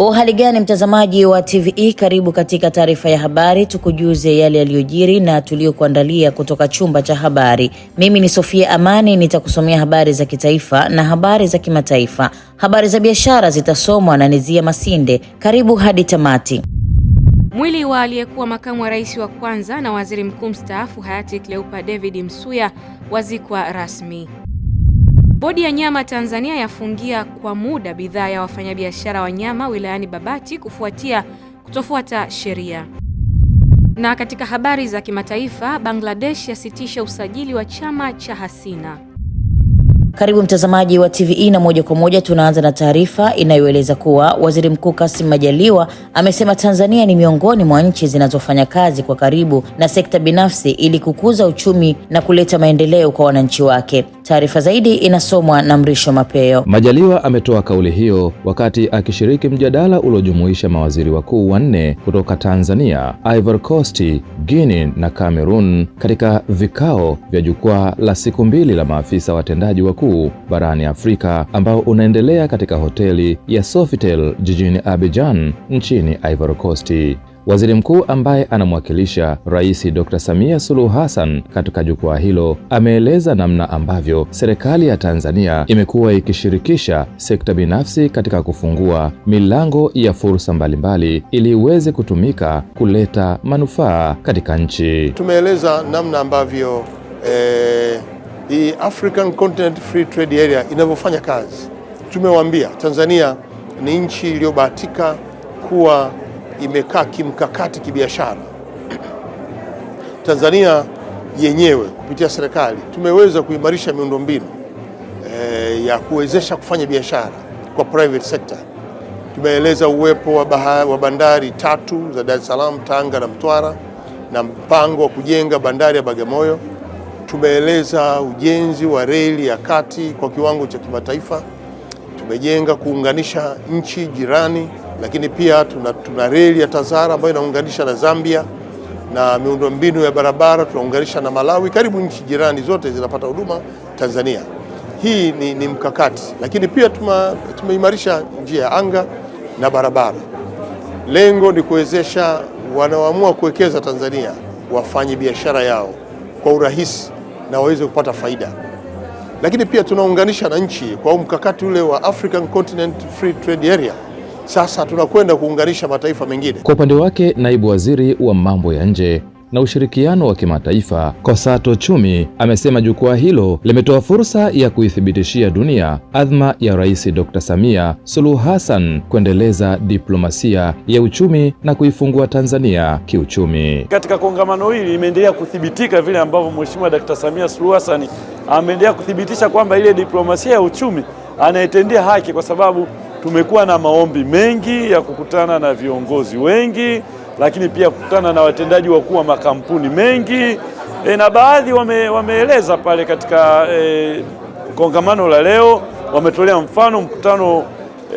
Uhali gani mtazamaji wa TVE, karibu katika taarifa ya habari, tukujuze yale yaliyojiri na tuliyokuandalia kutoka chumba cha habari. Mimi ni Sofia Amani, nitakusomea habari za kitaifa na habari za kimataifa. Habari za biashara zitasomwa na Nizia Masinde. Karibu hadi tamati. Mwili wa aliyekuwa makamu wa rais wa kwanza na waziri mkuu mstaafu hayati Cleopa David Msuya wazikwa rasmi. Bodi ya nyama Tanzania yafungia kwa muda bidhaa ya wafanyabiashara wa nyama wilayani Babati kufuatia kutofuata sheria. Na katika habari za kimataifa, Bangladesh yasitisha usajili wa chama cha Hasina. Karibu mtazamaji wa TVE na moja kwa moja tunaanza na taarifa inayoeleza kuwa Waziri Mkuu Kassim Majaliwa amesema Tanzania ni miongoni mwa nchi zinazofanya kazi kwa karibu na sekta binafsi ili kukuza uchumi na kuleta maendeleo kwa wananchi wake. Taarifa zaidi inasomwa na Mrisho Mapeo. Majaliwa ametoa kauli hiyo wakati akishiriki mjadala uliojumuisha mawaziri wakuu wanne kutoka Tanzania, Ivory Coast, Guinea na Cameroon katika vikao vya jukwaa la siku mbili la maafisa watendaji wakuu barani Afrika ambao unaendelea katika hoteli ya Sofitel jijini Abidjan nchini Ivory Coast. Waziri mkuu ambaye anamwakilisha Rais Dr. Samia Suluhu Hassan katika jukwaa hilo ameeleza namna ambavyo serikali ya Tanzania imekuwa ikishirikisha sekta binafsi katika kufungua milango ya fursa mbalimbali ili iweze kutumika kuleta manufaa katika nchi. Tumeeleza namna ambavyo eh, hii African Continent Free Trade Area inavyofanya kazi. Tumewaambia Tanzania ni nchi iliyobahatika kuwa imekaa kimkakati kibiashara. Tanzania yenyewe kupitia serikali tumeweza kuimarisha miundombinu e, ya kuwezesha kufanya biashara kwa private sector. Tumeeleza uwepo wa, baha, wa bandari tatu za Dar es Salaam, Tanga na Mtwara na mpango wa kujenga bandari ya Bagamoyo. Tumeeleza ujenzi wa reli ya kati kwa kiwango cha kimataifa. Tumejenga kuunganisha nchi jirani lakini pia tuna, tuna reli ya Tazara ambayo inaunganisha na Zambia na miundombinu ya barabara tunaunganisha na Malawi, karibu nchi jirani zote zinapata huduma Tanzania. Hii ni, ni mkakati, lakini pia tumeimarisha njia ya anga na barabara. Lengo ni kuwezesha wanaoamua kuwekeza Tanzania wafanye biashara yao kwa urahisi na waweze kupata faida, lakini pia tunaunganisha na nchi kwa mkakati ule wa African Continent Free Trade Area. Sasa tunakwenda kuunganisha mataifa mengine. Kwa upande wake, naibu waziri wa mambo ya nje na ushirikiano wa kimataifa Kosato Chumi amesema jukwaa hilo limetoa fursa ya kuithibitishia dunia adhma ya Rais Dr. Samia Suluhu Hassan kuendeleza diplomasia ya uchumi na kuifungua Tanzania kiuchumi. Katika kongamano hili imeendelea kuthibitika vile ambavyo Mheshimiwa Dr. Samia Suluhu Hassan ameendelea kuthibitisha kwamba ile diplomasia ya uchumi anaitendea haki, kwa sababu tumekuwa na maombi mengi ya kukutana na viongozi wengi, lakini pia kukutana na watendaji wakuu wa makampuni mengi e, na baadhi wame, wameeleza pale katika e, kongamano la leo wametolea mfano mkutano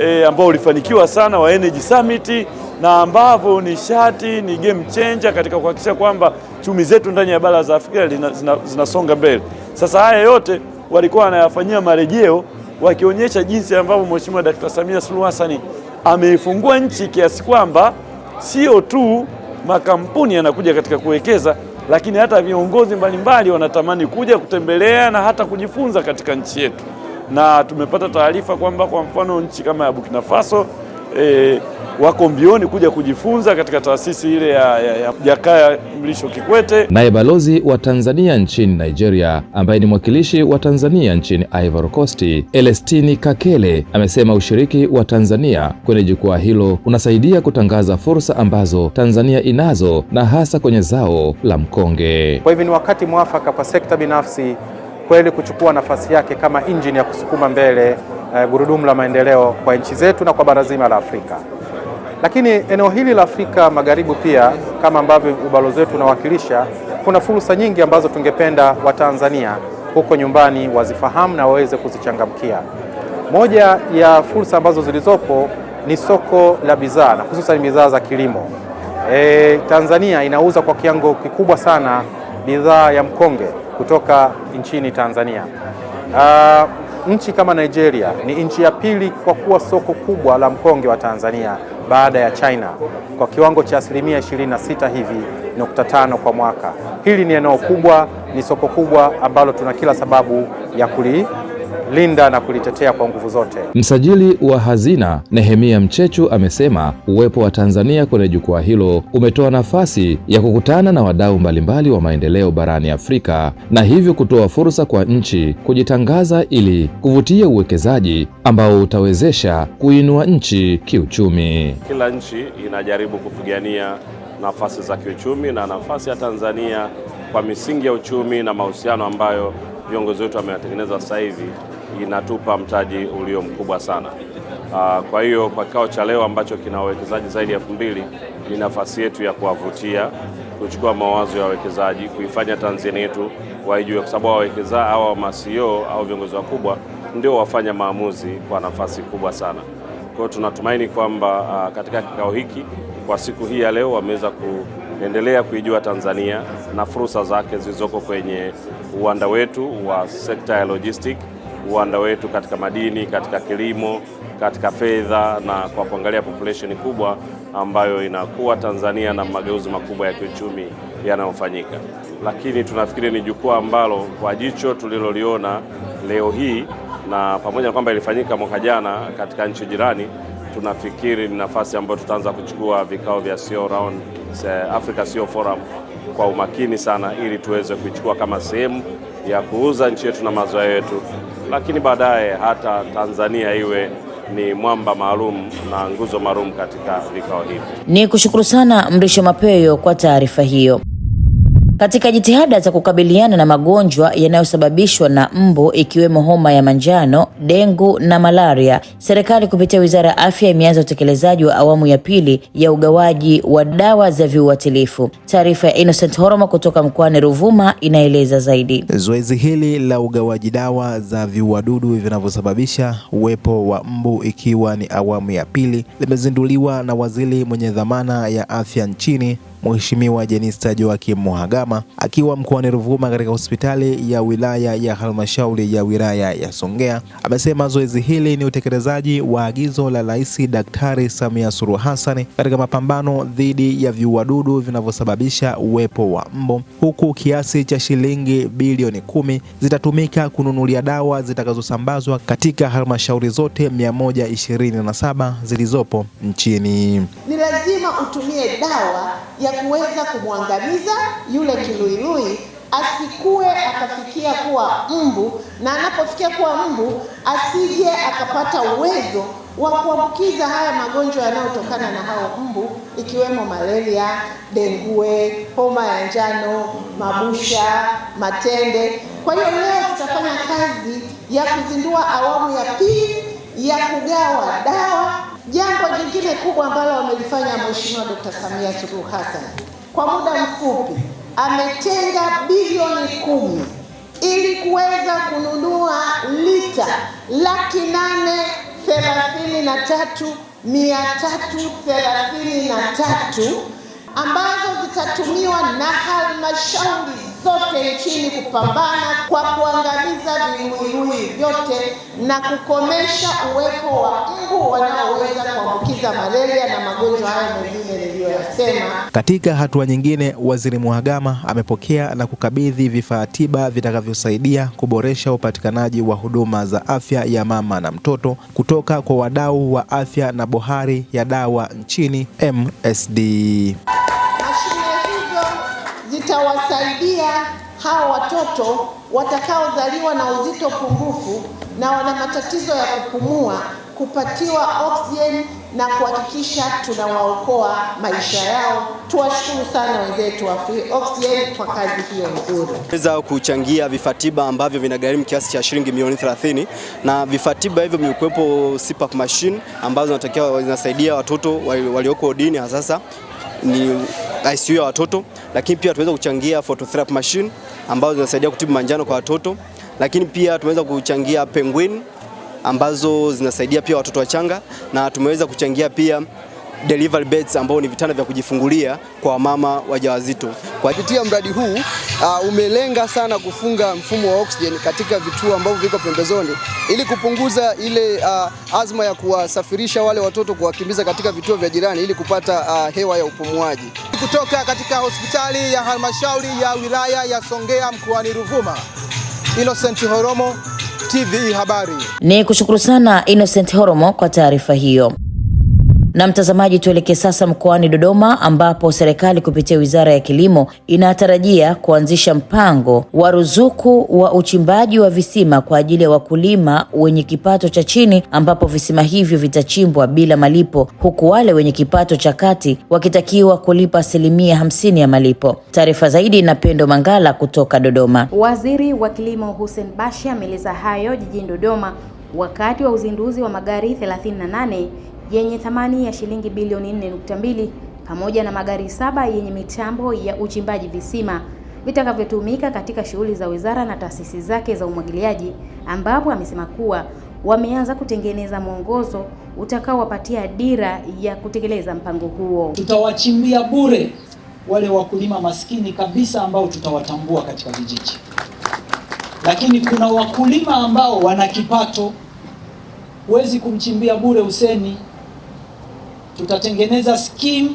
e, ambao ulifanikiwa sana wa Energy Summit na ambavyo nishati ni game changer katika kuhakikisha kwamba chumi zetu ndani ya bara za Afrika zinasonga zina, zina mbele. Sasa haya yote walikuwa wanayafanyia marejeo wakionyesha jinsi ambavyo Mheshimiwa Dakta Samia Suluhu Hassan ameifungua nchi kiasi kwamba sio tu makampuni yanakuja katika kuwekeza, lakini hata viongozi mbalimbali wanatamani kuja kutembelea na hata kujifunza katika nchi yetu, na tumepata taarifa kwamba kwa mfano nchi kama ya Burkina Faso eh, wako mbioni kuja kujifunza katika taasisi ile ya Jakaya Mlisho Kikwete. Naye balozi wa Tanzania nchini Nigeria ambaye ni mwakilishi wa Tanzania nchini Ivory Coast, Elestini Kakele amesema ushiriki wa Tanzania kwenye jukwaa hilo unasaidia kutangaza fursa ambazo Tanzania inazo na hasa kwenye zao la mkonge. Kwa hivyo ni wakati mwafaka kwa sekta binafsi kweli kuchukua nafasi yake kama injini ya kusukuma mbele eh, gurudumu la maendeleo kwa nchi zetu na kwa bara zima la Afrika. Lakini eneo hili la Afrika Magharibi pia kama ambavyo ubalozi wetu unawakilisha, kuna fursa nyingi ambazo tungependa Watanzania huko nyumbani wazifahamu na waweze kuzichangamkia. Moja ya fursa ambazo zilizopo ni soko la bidhaa na hususan bidhaa za kilimo. E, Tanzania inauza kwa kiwango kikubwa sana bidhaa ya mkonge kutoka nchini Tanzania. Uh, nchi kama Nigeria ni nchi ya pili kwa kuwa soko kubwa la mkonge wa Tanzania baada ya China kwa kiwango cha asilimia 26 hivi nukta tano kwa mwaka. Hili ni eneo kubwa, ni soko kubwa ambalo tuna kila sababu ya kuli kulinda na kulitetea kwa nguvu zote. Msajili wa hazina Nehemia Mchechu amesema uwepo wa Tanzania kwenye jukwaa hilo umetoa nafasi ya kukutana na wadau mbalimbali wa maendeleo barani Afrika na hivyo kutoa fursa kwa nchi kujitangaza ili kuvutia uwekezaji ambao utawezesha kuinua nchi kiuchumi. Kila nchi inajaribu kupigania nafasi za kiuchumi na nafasi ya Tanzania kwa misingi ya uchumi na mahusiano ambayo viongozi wetu wameyatengeneza sasa hivi inatupa mtaji ulio mkubwa sana. Ah, kwa hiyo kwa kikao cha leo ambacho kina wawekezaji zaidi ya elfu mbili ni nafasi yetu ya kuwavutia kuchukua mawazo ya wawekezaji, kuifanya Tanzania yetu waijue, kwa sababu wawekezaji au wa CEO au viongozi wakubwa ndio wafanya maamuzi kwa nafasi kubwa sana. Kwa hiyo tunatumaini kwamba ah, katika kikao hiki kwa siku hii ya leo wameweza kuendelea kuijua Tanzania na fursa zake zilizoko kwenye uwanda wetu wa sekta ya logistics uwanda wetu katika madini, katika kilimo, katika fedha na kwa kuangalia population kubwa ambayo inakuwa Tanzania na mageuzi makubwa ya kiuchumi yanayofanyika. Lakini tunafikiri ni jukwaa ambalo kwa jicho tuliloliona leo hii na pamoja na kwamba ilifanyika mwaka jana katika nchi jirani, tunafikiri ni nafasi ambayo tutaanza kuchukua vikao vya CEO Round, eh, Africa CEO Forum kwa umakini sana ili tuweze kuichukua kama sehemu ya kuuza nchi yetu na mazao yetu lakini baadaye hata Tanzania iwe ni mwamba maalum na nguzo maalum katika vikao hivi. Ni kushukuru sana Mrisho Mapeyo kwa taarifa hiyo. Katika jitihada za kukabiliana na magonjwa yanayosababishwa na mbu ikiwemo homa ya manjano, dengu na malaria, serikali kupitia Wizara ya Afya imeanza utekelezaji wa awamu ya pili ya ugawaji wa dawa za viuatilifu. Taarifa ya Innocent Horoma kutoka mkoani Ruvuma inaeleza zaidi. Zoezi hili la ugawaji dawa za viuadudu vinavyosababisha uwepo wa mbu ikiwa ni awamu ya pili limezinduliwa na waziri mwenye dhamana ya afya nchini Mheshimiwa Jenista Joakim Mhagama akiwa mkoani Ruvuma katika hospitali ya wilaya ya halmashauri ya wilaya ya Songea amesema zoezi hili ni utekelezaji wa agizo la Rais Daktari Samia Suluhu Hassan katika mapambano dhidi ya viuadudu vinavyosababisha uwepo wa mbu, huku kiasi cha shilingi bilioni kumi zitatumika kununulia dawa zitakazosambazwa katika halmashauri zote 127 zilizopo nchini. Ni lazima utumie dawa ya kuweza kumwangamiza yule kiluilui asikuwe akafikia kuwa mbu, na anapofikia kuwa mbu asije akapata uwezo wa kuambukiza haya magonjwa yanayotokana na hao mbu, ikiwemo malaria, dengue, homa ya njano, mabusha, matende. Kwa hiyo leo tutafanya kazi ya kuzindua awamu ya pili ya kugawa dawa Jambo jingine kubwa ambalo wamelifanya Mheshimiwa Dkt. Samia Suluhu Hassan kwa muda mfupi ametenga bilioni kumi ili kuweza kununua lita laki nane thelathini na tatu mia tatu thelathini na tatu ambazo zitatumiwa na halmashauri zote nchini kupambana kwa kuangamiza viluilui vyote na kukomesha uwepo wa mbu wanaoweza kuambukiza malaria na magonjwa hayo mengine niliyoyasema. Katika hatua nyingine, Waziri Mhagama amepokea na kukabidhi vifaa tiba vitakavyosaidia kuboresha upatikanaji wa huduma za afya ya mama na mtoto kutoka kwa wadau wa afya na bohari ya dawa nchini MSD kuwasaidia hao watoto watakaozaliwa na uzito pungufu na wana matatizo ya kupumua kupatiwa oksijeni na kuhakikisha tunawaokoa maisha yao. Tuwashukuru sana wenzetu wa Free Oxygen kwa kazi hiyo nzuri. Weza kuchangia vifaa tiba ambavyo vinagharimu kiasi cha shilingi milioni 30, na vifaa tiba hivyo vimekuwepo CPAP machine ambazo zinatakiwa zinasaidia watoto walioko wodini hasasa ni ICU ya watoto, lakini pia tumeweza kuchangia phototherapy machine ambazo zinasaidia kutibu manjano kwa watoto, lakini pia tumeweza kuchangia penguin ambazo zinasaidia pia watoto wachanga na tumeweza kuchangia pia delivery beds ambao ni vitanda vya kujifungulia kwa mama wajawazito. Kwa kupitia mradi huu uh, umelenga sana kufunga mfumo wa oxygen katika vituo ambavyo viko pembezoni ili kupunguza ile uh, azma ya kuwasafirisha wale watoto kuwakimbiza katika vituo vya jirani ili kupata uh, hewa ya upumuaji. Kutoka katika hospitali ya halmashauri ya wilaya ya Songea mkoani Ruvuma, Innocent Horomo, TV Habari. Ni kushukuru sana Innocent Horomo kwa taarifa hiyo. Na mtazamaji, tuelekee sasa mkoani Dodoma ambapo serikali kupitia Wizara ya Kilimo inatarajia kuanzisha mpango wa ruzuku wa uchimbaji wa visima kwa ajili ya wakulima wenye kipato cha chini, ambapo visima hivyo vitachimbwa bila malipo, huku wale wenye kipato cha kati wakitakiwa kulipa asilimia hamsini ya malipo. Taarifa zaidi na Pendo Mangala kutoka Dodoma. Waziri wa Kilimo Hussein Bashe ameeleza hayo jijini Dodoma wakati wa uzinduzi wa magari 38 yenye thamani ya shilingi bilioni 4.2 pamoja na magari saba yenye mitambo ya uchimbaji visima vitakavyotumika katika shughuli za wizara na taasisi zake za umwagiliaji, ambapo amesema kuwa wameanza kutengeneza mwongozo utakaowapatia dira ya kutekeleza mpango huo. Tutawachimbia bure wale wakulima maskini kabisa ambao tutawatambua katika vijiji, lakini kuna wakulima ambao wana kipato, huwezi kumchimbia bure useni tutatengeneza scheme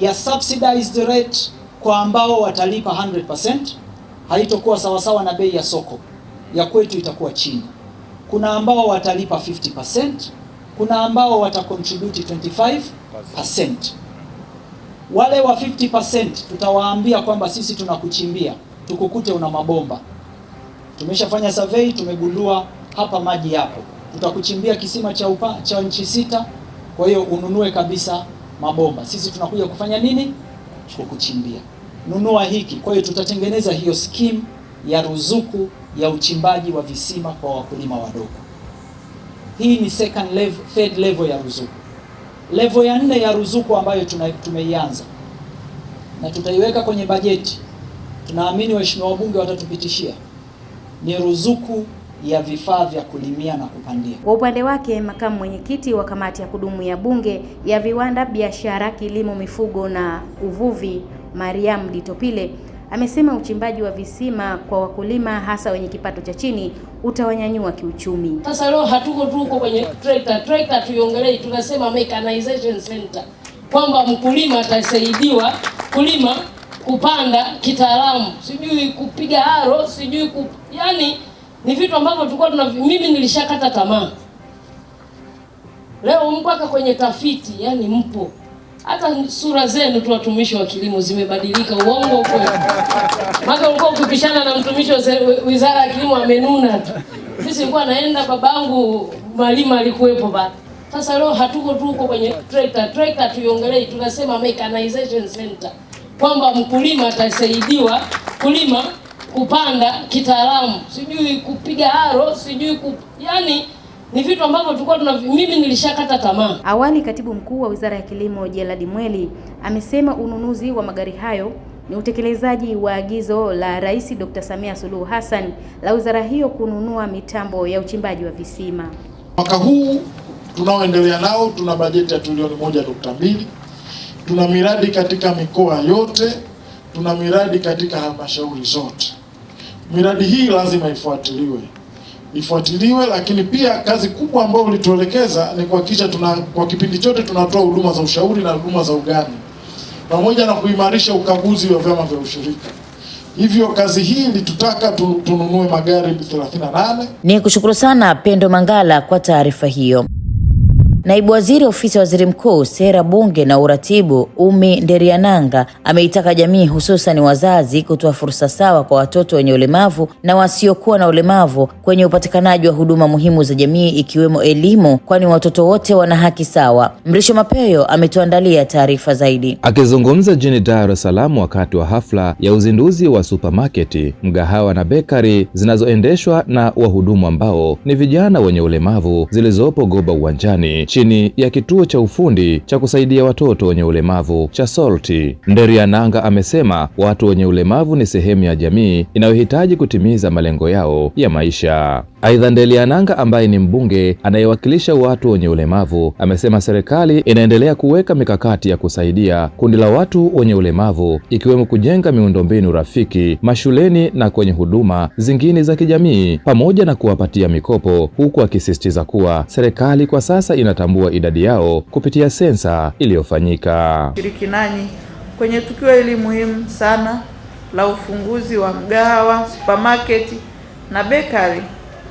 ya subsidized rate kwa ambao watalipa 100%. Haitokuwa sawasawa na bei ya soko ya kwetu, itakuwa chini. Kuna ambao watalipa 50%, kuna ambao watacontribute 25%. Wale wa 50% tutawaambia kwamba sisi tunakuchimbia, tukukute una mabomba, tumeshafanya survey, tumegundua hapa maji yapo, tutakuchimbia kisima cha upa, cha nchi sita kwa hiyo ununue kabisa mabomba. Sisi tunakuja kufanya nini? Kukuchimbia. Nunua hiki. Kwa hiyo tutatengeneza hiyo scheme ya ruzuku ya uchimbaji wa visima kwa wakulima wadogo. Hii ni second level, third level ya ruzuku. Level ya nne ya ruzuku ambayo tumeianza na tutaiweka kwenye bajeti, tunaamini waheshimiwa wabunge watatupitishia, ni ruzuku ya vifaa vya kulimia na kupandia. Kwa upande wake, makamu mwenyekiti wa kamati ya kudumu ya bunge ya viwanda, biashara, kilimo, mifugo na uvuvi, Mariam Ditopile amesema uchimbaji wa visima kwa wakulima hasa wenye kipato cha chini utawanyanyua kiuchumi. Sasa leo hatuko huko kwenye tractor, tractor tuiongelee, tunasema mechanization center kwamba mkulima atasaidiwa kulima, kupanda kitaalamu, sijui kupiga haro, sijui ku... yani ni vitu ambavyo tulikuwa tuna, mimi nilishakata tamaa. Leo mpaka kwenye tafiti, yani mpo hata sura zenu tu watumishi wa kilimo zimebadilika. Uongo uko maka, ulikuwa ukipishana na mtumishi wa wizara ya kilimo amenuna tu. Sisi nilikuwa naenda, babangu malima alikuwepo ba. Sasa leo hatuko tu huko kwenye tractor, tractor tuiongelee, tunasema mechanization center kwamba mkulima atasaidiwa kulima kupanda kitaalamu, sijui kupiga haro, sijui kup... yani ni vitu ambavyo tulikuwa tuna mimi nilishakata tamaa. Awali katibu mkuu wa Wizara ya Kilimo Gerald Mweli amesema ununuzi wa magari hayo ni utekelezaji wa agizo la Rais Dr. Samia Suluhu Hassan la wizara hiyo kununua mitambo ya uchimbaji wa visima. Mwaka huu tunaoendelea nao tuna bajeti ya trilioni moja nukta mbili. Tuna miradi katika mikoa yote, tuna miradi katika halmashauri zote miradi hii lazima ifuatiliwe ifuatiliwe, lakini pia kazi kubwa ambayo ulituelekeza ni kuhakikisha tuna kwa kipindi chote tunatoa huduma za ushauri na huduma za ugani pamoja na kuimarisha ukaguzi wa vyama vya ushirika. Hivyo kazi hii litutaka tununue magari 38. Ni kushukuru sana Pendo Mangala kwa taarifa hiyo. Naibu Waziri Ofisi ya Waziri Mkuu, Sera, Bunge na Uratibu, Umi Nderiananga ameitaka jamii hususan wazazi kutoa fursa sawa kwa watoto wenye ulemavu na wasiokuwa na ulemavu kwenye upatikanaji wa huduma muhimu za jamii ikiwemo elimu, kwani watoto wote wana haki sawa. Mrisho Mapeyo ametuandalia taarifa zaidi. Akizungumza jijini Dar es Salaam wakati wa hafla ya uzinduzi wa supamaketi, mgahawa na bekari zinazoendeshwa na wahudumu ambao ni vijana wenye ulemavu zilizopo Goba Uwanjani chini ya kituo cha ufundi cha kusaidia watoto wenye ulemavu cha Solti. Nderiananga amesema watu wenye ulemavu ni sehemu ya jamii inayohitaji kutimiza malengo yao ya maisha. Aidha, Ndelia Nanga ambaye ni mbunge anayewakilisha watu wenye ulemavu amesema serikali inaendelea kuweka mikakati ya kusaidia kundi la watu wenye ulemavu ikiwemo kujenga miundombinu rafiki mashuleni na kwenye huduma zingine za kijamii pamoja na kuwapatia mikopo, huku akisisitiza kuwa serikali kwa sasa inatambua idadi yao kupitia sensa iliyofanyika. Shiriki nanyi kwenye tukio hili muhimu sana la ufunguzi wa mgahawa, supermarket na bakery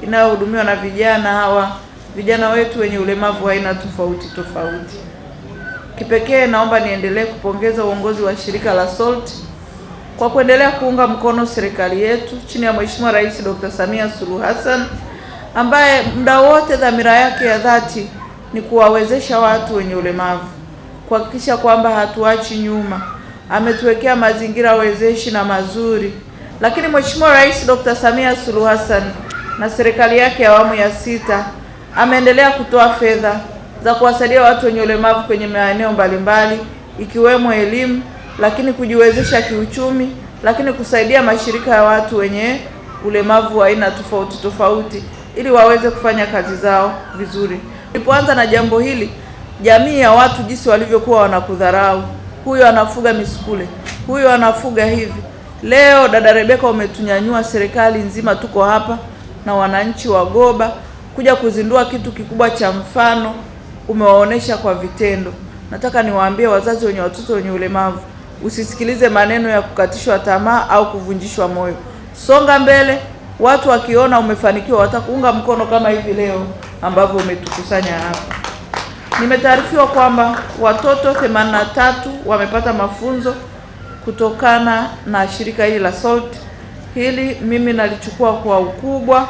inayohudumiwa na vijana hawa vijana wetu wenye ulemavu wa aina tofauti tofauti. Kipekee naomba niendelee kupongeza uongozi wa shirika la SALT kwa kuendelea kuunga mkono serikali yetu chini ya Mheshimiwa Rais Dr. Samia Suluhu Hassan ambaye muda wote dhamira yake ya dhati ni kuwawezesha watu wenye ulemavu, kuhakikisha kwamba hatuachi nyuma. Ametuwekea mazingira wezeshi na mazuri, lakini Mheshimiwa Rais Dr. Samia Suluhu Hassan na serikali yake ya awamu ya sita ameendelea kutoa fedha za kuwasaidia watu wenye ulemavu kwenye maeneo mbalimbali ikiwemo elimu, lakini kujiwezesha kiuchumi, lakini kusaidia mashirika ya watu wenye ulemavu wa aina tofauti tofauti ili waweze kufanya kazi zao vizuri. Nilipoanza na jambo hili, jamii ya watu jinsi walivyokuwa wanakudharau, huyo anafuga misukule, huyo anafuga hivi. Leo dada Rebeka, umetunyanyua serikali nzima, tuko hapa na wananchi wa Goba kuja kuzindua kitu kikubwa cha mfano, umewaonesha kwa vitendo. Nataka niwaambie wazazi wenye watoto wenye ulemavu, usisikilize maneno ya kukatishwa tamaa au kuvunjishwa moyo. Songa mbele. Watu wakiona umefanikiwa watakuunga mkono, kama hivi leo ambavyo umetukusanya hapa. Nimetaarifiwa kwamba watoto 83 wamepata mafunzo kutokana na shirika hili la SALT Hili mimi nalichukua kwa ukubwa.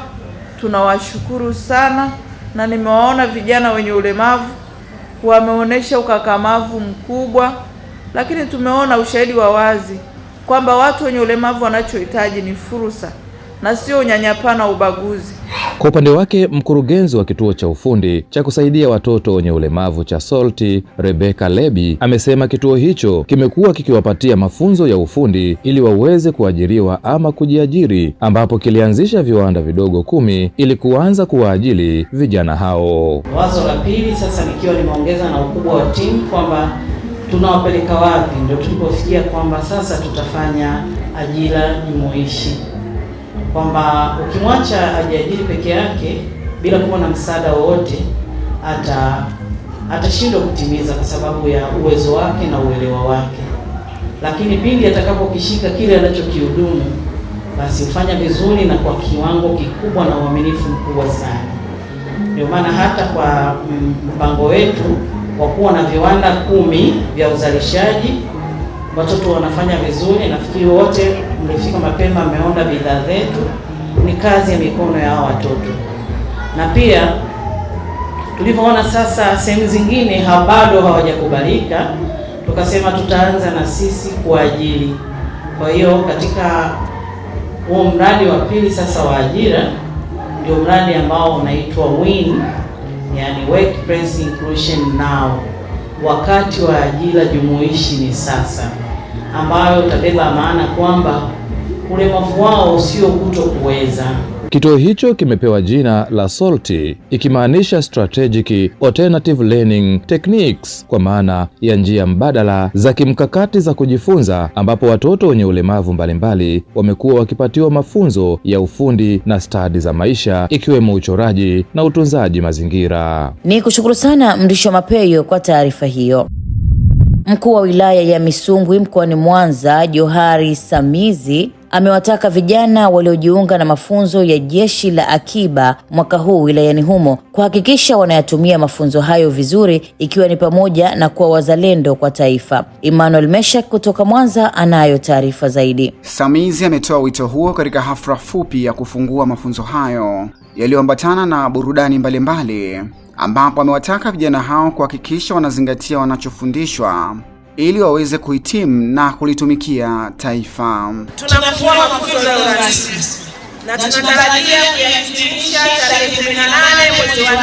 Tunawashukuru sana, na nimewaona vijana wenye ulemavu wameonyesha ukakamavu mkubwa, lakini tumeona ushahidi wa wazi kwamba watu wenye ulemavu wanachohitaji ni fursa na sio unyanyapaa na ubaguzi. Kwa upande wake mkurugenzi wa kituo cha ufundi cha kusaidia watoto wenye ulemavu cha Solti, Rebeka Lebi, amesema kituo hicho kimekuwa kikiwapatia mafunzo ya ufundi ili waweze kuajiriwa ama kujiajiri, ambapo kilianzisha viwanda vidogo kumi ili kuanza kuwaajili vijana hao. Wazo la pili sasa, nikiwa nimeongeza na ukubwa wa timu kwamba tunawapeleka wapi, ndio tulipofikia kwamba sasa tutafanya ajira jumuishi kwamba ukimwacha ajiajiri peke yake bila kuwa na msaada wowote ata atashindwa kutimiza kwa sababu ya uwezo wake na uelewa wake, lakini pindi atakapokishika kile anachokihudumu basi hufanya vizuri na kwa kiwango kikubwa na uaminifu mkubwa sana. Ndio maana hata kwa mpango wetu wa kuwa na viwanda kumi vya uzalishaji watoto wanafanya vizuri, nafikiri wote amefika mapema, ameona bidhaa zetu. Ni kazi ya mikono ya hao watoto, na pia tulivyoona sasa sehemu zingine bado hawajakubalika, tukasema tutaanza na sisi kwa ajili. Kwa hiyo katika huo mradi wa pili sasa wa ajira ndio mradi ambao unaitwa WIN, yani Workplace Inclusion Now. Wakati wa ajira jumuishi ni sasa ambayo utabeba maana kwamba ulemavu wao sio kuto kuweza. Kituo hicho kimepewa jina la SALT ikimaanisha strategic alternative learning techniques, kwa maana ya njia mbadala za kimkakati za kujifunza, ambapo watoto wenye ulemavu mbalimbali wamekuwa wakipatiwa mafunzo ya ufundi na stadi za maisha ikiwemo uchoraji na utunzaji mazingira. Ni kushukuru sana mdisho Mapeyo kwa taarifa hiyo. Mkuu wa wilaya ya Misungwi mkoani Mwanza, Johari Samizi amewataka vijana waliojiunga na mafunzo ya jeshi la akiba mwaka huu wilayani humo kuhakikisha wanayatumia mafunzo hayo vizuri ikiwa ni pamoja na kuwa wazalendo kwa taifa. Emmanuel Meshak kutoka Mwanza anayo taarifa zaidi. Samizi ametoa wito huo katika hafla fupi ya kufungua mafunzo hayo yaliyoambatana na burudani mbalimbali mbali ambapo amewataka vijana hao kuhakikisha wanazingatia wanachofundishwa ili waweze kuhitimu na kulitumikia taifa. Tunafungua mafunzo ya urasimu na tunatarajia kuyahitimisha tarehe 18 mwezi wa 8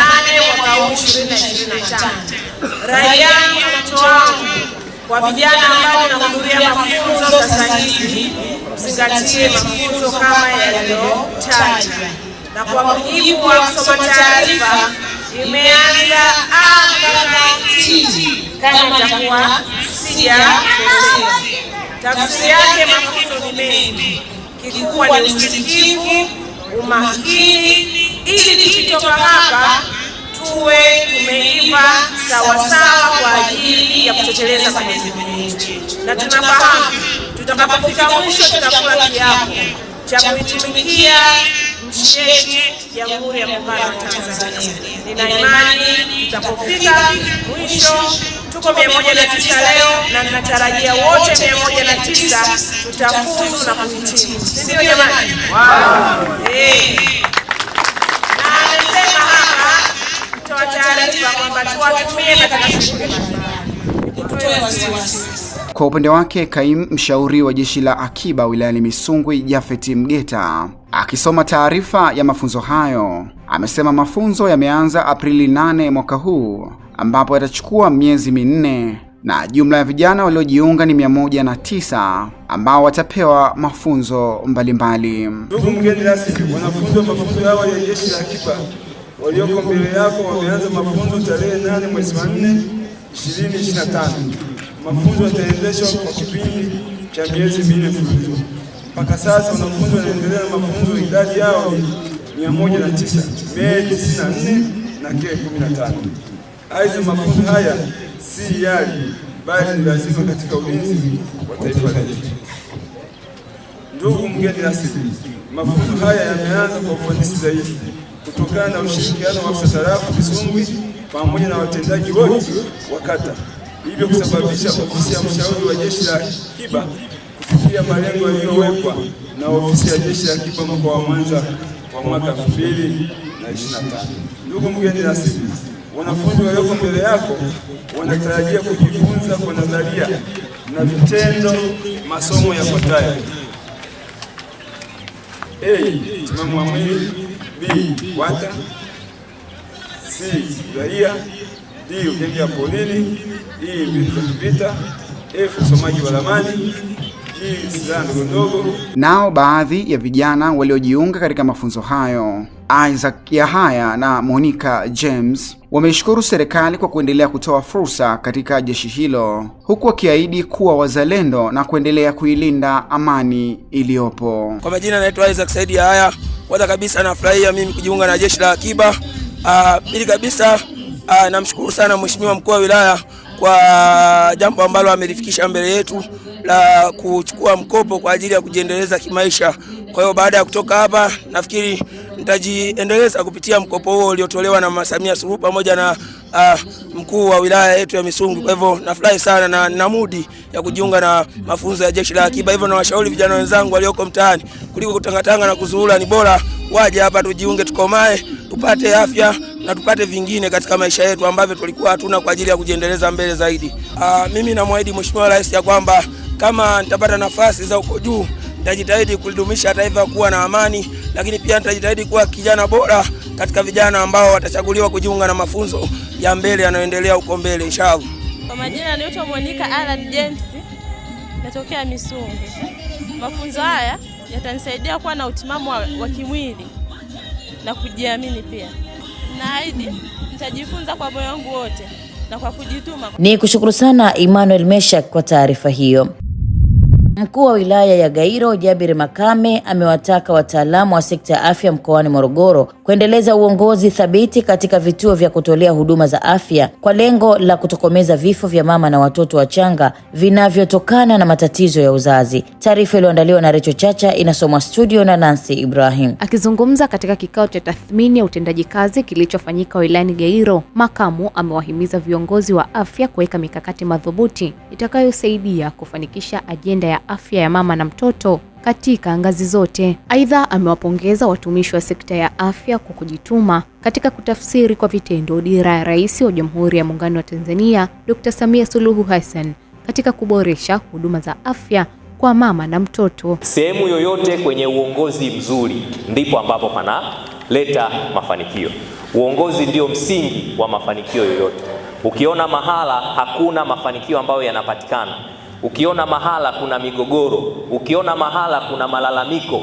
mwaka huu 2025. Rai yangu na wito wangu kwa vijana ambao wanahudhuria mafunzo sasa hivi, mzingatie mafunzo kama yaliyotajwa na kwa mujibu wa kusoma taarifa imeanza akamati kama takuwa sija tafsiri yake, mafunzo ni mengi, kikubwa ni usikivu, umakini, ili tukitoka hapa tuwe tumeiva sawasawa kwa ajili ya kutekeleza kwa majukumu yetu, na tunafahamu tutakapofika mwisho tutakula kiapo cha kuitumikia nchi yetu Jamhuri ya Muungano wa Tanzania. Nina imani tutapofika mwisho, tuko mia moja na tisa leo na natarajia wote mia moja na tisa tutafuzu na kuhitimu, si ndio jamani? Wow. Eh. Hey. Kwa upande wake, kaimu mshauri wa jeshi la akiba wilayani Misungwi, Jafeti Mgeta Akisoma taarifa ya mafunzo hayo, amesema mafunzo yameanza Aprili 8 mwaka huu ambapo yatachukua miezi minne na jumla ya vijana waliojiunga ni 109 ambao watapewa mafunzo mbalimbali. Ndugu mgeni rasmi, wanafunzi wa mafunzo hayo ya jeshi la akiba walioko mbele yako wameanza mafunzo tarehe 8 mwezi wa 4 2025. Mafunzo yataendeshwa kwa kipindi cha miezi minne mfululizo. Mpaka sasa wanafunzi wanaendelea na mafunzo, idadi yao na 109, Mei 94 na K 15. Aidha, mafunzo haya si yali bali ni lazima katika ulinzi wa taifa letu. Ndugu mgeni rasmi, mafunzo haya yameanza kwa ufanisi zaidi kutokana na ushirikiano wa afisa tarafa Misungwi pamoja na watendaji wote wa kata, hivyo kusababisha ofisi ya mshauri wa jeshi la akiba kufikia malengo yaliyowekwa na ofisi ya jeshi la akiba mkoa wa Mwanza kwa mwaka 2025. Ndugu mgeni rasmi, wanafunzi walioko mbele yako wanatarajia kujifunza kwa nadharia na vitendo masomo yafuatayo: A. timamu wa mwili, B. wata, C. raia D. ujenzi wa polini, E. mbinu za kivita, F. usomaji wa ramani Nao baadhi ya vijana waliojiunga katika mafunzo hayo Isaac Yahaya na Monica James wameishukuru serikali kwa kuendelea kutoa fursa katika jeshi hilo huku wakiahidi kuwa wazalendo na kuendelea kuilinda amani iliyopo. Kwa majina naitwa Isaac Saidi Yahaya. Kwanza kabisa nafurahia mimi kujiunga na jeshi la akiba. Ah, pili kabisa ah, namshukuru sana mheshimiwa mkuu wa wilaya kwa jambo ambalo amelifikisha mbele yetu la kuchukua mkopo kwa ajili ya kujiendeleza kimaisha. Kwa hiyo baada ya kutoka hapa, nafikiri nitajiendeleza kupitia mkopo huo uliotolewa na Mama Samia Suluhu pamoja na uh, mkuu wa wilaya yetu ya Misungwi. Kwa hivyo nafurahi sana na nina mudi ya kujiunga na mafunzo ya jeshi la akiba, hivyo nawashauri vijana wenzangu walioko mtaani, kuliko kutangatanga na kuzuhula, ni bora waje hapa tujiunge, tukomae, tupate afya na tupate vingine katika maisha yetu ambavyo tulikuwa hatuna kwa ajili ya kujiendeleza mbele zaidi. Uh, mimi namwahidi Mheshimiwa Rais ya kwamba kama nitapata nafasi za uko juu nitajitahidi kulidumisha taifa kuwa na amani, lakini pia nitajitahidi kuwa kijana bora katika vijana ambao watachaguliwa kujiunga na mafunzo ya mbele yanayoendelea huko mbele inshallah. Kwa majina anaitwa Monica Alan James, natokea Misungwi. Mafunzo haya yatanisaidia kuwa na utimamu wa, wa kimwili na kujiamini pia. Naahidi nitajifunza kwa moyo wangu wote na kwa kujituma. Ni kushukuru sana Emmanuel Meshak kwa taarifa hiyo. Mkuu wa wilaya ya Gairo Jabir Makame amewataka wataalamu wa sekta ya afya mkoani Morogoro kuendeleza uongozi thabiti katika vituo vya kutolea huduma za afya kwa lengo la kutokomeza vifo vya mama na watoto wachanga vinavyotokana na matatizo ya uzazi. Taarifa iliyoandaliwa na Recho Chacha inasomwa studio na Nancy Ibrahim. Akizungumza katika kikao cha tathmini ya utendaji kazi kilichofanyika wilayani Gairo, makamu amewahimiza viongozi wa afya kuweka mikakati madhubuti itakayosaidia kufanikisha ajenda ya afya ya mama na mtoto katika ngazi zote. Aidha, amewapongeza watumishi wa sekta ya afya kwa kujituma katika kutafsiri kwa vitendo dira ya Rais wa Jamhuri ya Muungano wa Tanzania Dr. Samia Suluhu Hassan katika kuboresha huduma za afya kwa mama na mtoto. Sehemu yoyote kwenye uongozi mzuri ndipo ambapo panaleta mafanikio. Uongozi ndio msingi wa mafanikio yoyote. Ukiona mahala hakuna mafanikio ambayo yanapatikana Ukiona mahala kuna migogoro, ukiona mahala kuna malalamiko,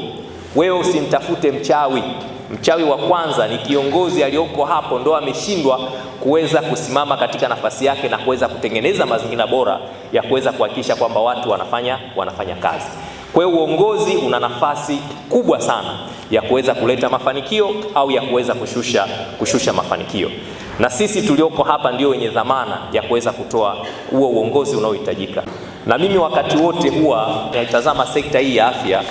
wewe usimtafute mchawi. Mchawi wa kwanza ni kiongozi aliyoko hapo, ndo ameshindwa kuweza kusimama katika nafasi yake na kuweza kutengeneza mazingira bora ya kuweza kuhakikisha kwamba watu wanafanya wanafanya kazi. Kwa hiyo uongozi una nafasi kubwa sana ya kuweza kuleta mafanikio au ya kuweza kushusha, kushusha mafanikio, na sisi tulioko hapa ndio wenye dhamana ya kuweza kutoa huo uongozi unaohitajika. Na mimi wakati wote huwa naitazama sekta hii ya afya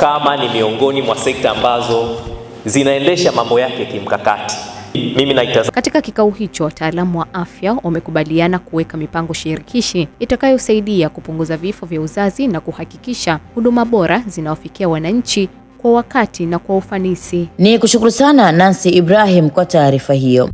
kama ni miongoni mwa sekta ambazo zinaendesha mambo yake kimkakati. Mimi naitazama. Katika kikao hicho, wataalamu wa afya wamekubaliana kuweka mipango shirikishi itakayosaidia kupunguza vifo vya uzazi na kuhakikisha huduma bora zinawafikia wananchi kwa wakati na kwa ufanisi. Ni kushukuru sana Nancy Ibrahim kwa taarifa hiyo.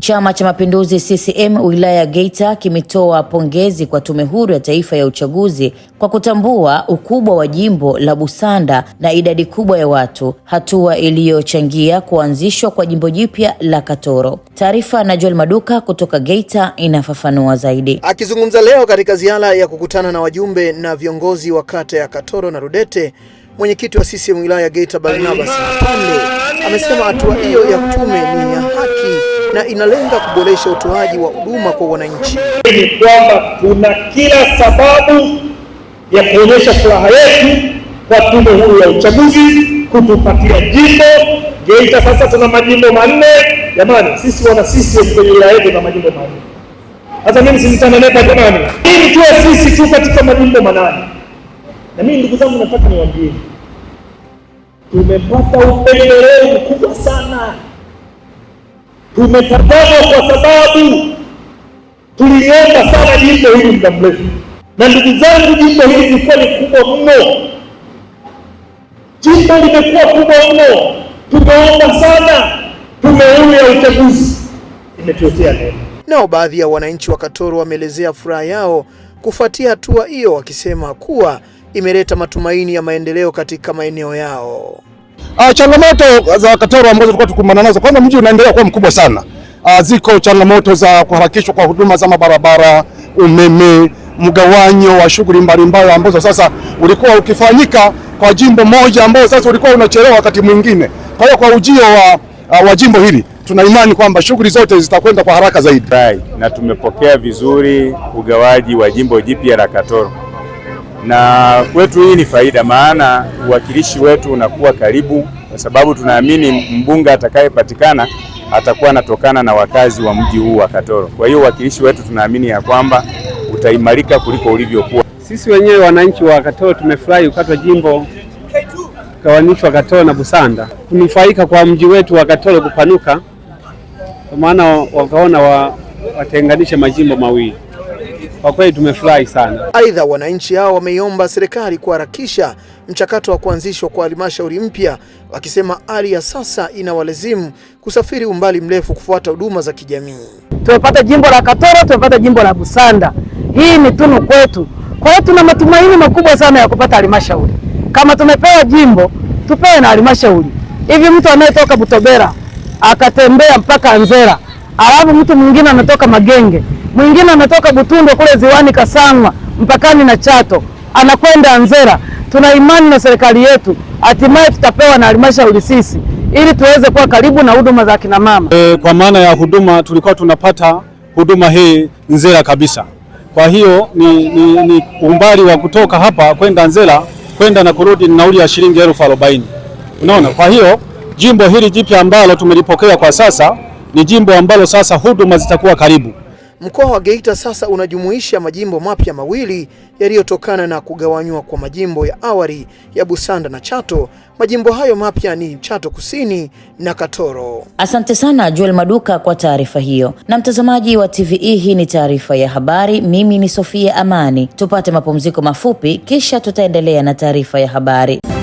Chama cha Mapinduzi CCM wilaya ya Geita kimetoa pongezi kwa Tume Huru ya Taifa ya Uchaguzi kwa kutambua ukubwa wa jimbo la Busanda na idadi kubwa ya watu, hatua iliyochangia kuanzishwa kwa jimbo jipya la Katoro. Taarifa na Joel Maduka kutoka Geita inafafanua zaidi. Akizungumza leo katika ziara ya kukutana na wajumbe na viongozi wa kata ya Katoro na Rudete Mwenyekiti wa CCM wilaya ya Geita Barnabas Mpande amesema hatua hiyo ya tume ni ya haki na inalenga kuboresha utoaji wa huduma kwa wananchi. Ni kwamba tuna kila sababu ya kuonyesha furaha yetu kwa tume huru ya uchaguzi kutupatia jimbo Geita. Sasa tuna majimbo manne jamani, sisi wana CCM kwenye wilaya yetu na majimbo manne. Sasa mimi simtanenepa jamani, ili tu sisi tu katika majimbo manane. Na mimi ndugu zangu, nataka niwaambie tumepata upendeleo mkubwa sana, tumetazama kwa sababu tuliomba sana jimbo hili muda mrefu. Na ndugu zangu, jimbo hili lilikuwa ni kubwa mno, jimbo limekuwa kubwa mno, tumeomba sana tume huru ya uchaguzi imetuotea neema. Nao baadhi ya wananchi wa Katoro wameelezea furaha yao kufuatia hatua hiyo, wakisema kuwa imeleta matumaini ya maendeleo katika maeneo yao. Ah, changamoto za Katoro ambazo tulikuwa tukumbana nazo, kwanza mji unaendelea kuwa mkubwa sana. Ah, ziko changamoto za kuharakishwa kwa huduma za mabarabara, umeme, mgawanyo wa shughuli mbalimbali ambazo sasa ulikuwa ukifanyika kwa jimbo moja ambao sasa ulikuwa unachelewa wakati mwingine. Kwa hiyo kwa ujio wa, ah, wa jimbo hili tuna imani kwamba shughuli zote zitakwenda kwa haraka zaidi, na tumepokea vizuri ugawaji wa jimbo jipya la Katoro na kwetu hii ni faida, maana uwakilishi wetu unakuwa karibu, kwa sababu tunaamini mbunge atakayepatikana atakuwa anatokana na wakazi wa mji huu wa Katoro. Kwa hiyo uwakilishi wetu tunaamini ya kwamba utaimarika kuliko ulivyokuwa. Sisi wenyewe wananchi wa Katoro tumefurahi ukatwa jimbo kawanishwa Katoro na Busanda, kunufaika kwa mji wetu wa Katoro kupanuka, kwa maana wakaona watenganishe majimbo mawili kwa kweli tumefurahi sana. Aidha, wananchi hao wameiomba serikali kuharakisha mchakato wa kuanzishwa kwa halmashauri mpya, wakisema hali ya sasa inawalazimu kusafiri umbali mrefu kufuata huduma za kijamii. Tumepata jimbo la Katoro, tumepata jimbo la Busanda. Hii ni tunu kwetu, kwa hiyo tuna matumaini makubwa sana ya kupata halmashauri. Kama tumepewa jimbo, tupewe na halmashauri. Hivi mtu anayetoka Butobera akatembea mpaka Nzera, alafu mtu mwingine anatoka Magenge mwingine ametoka Butundo kule ziwani Kasangwa mpakani na Chato anakwenda Nzera. Tuna imani na serikali yetu, hatimaye tutapewa na halmashauri sisi, ili tuweze kuwa karibu na huduma za kina mama. E, kwa maana ya huduma tulikuwa tunapata huduma hii Nzera kabisa. Kwa hiyo ni, ni, ni umbali wa kutoka hapa kwenda Nzera kwenda na kurudi ni nauli ya shilingi elfu arobaini. Unaona, kwa hiyo jimbo hili jipya ambalo tumelipokea kwa sasa ni jimbo ambalo sasa huduma zitakuwa karibu. Mkoa wa Geita sasa unajumuisha majimbo mapya mawili yaliyotokana na kugawanywa kwa majimbo ya awali ya Busanda na Chato. Majimbo hayo mapya ni Chato Kusini na Katoro. Asante sana Joel Maduka kwa taarifa hiyo. Na mtazamaji wa TVE, hii ni taarifa ya habari. Mimi ni Sofia Amani. Tupate mapumziko mafupi, kisha tutaendelea na taarifa ya habari.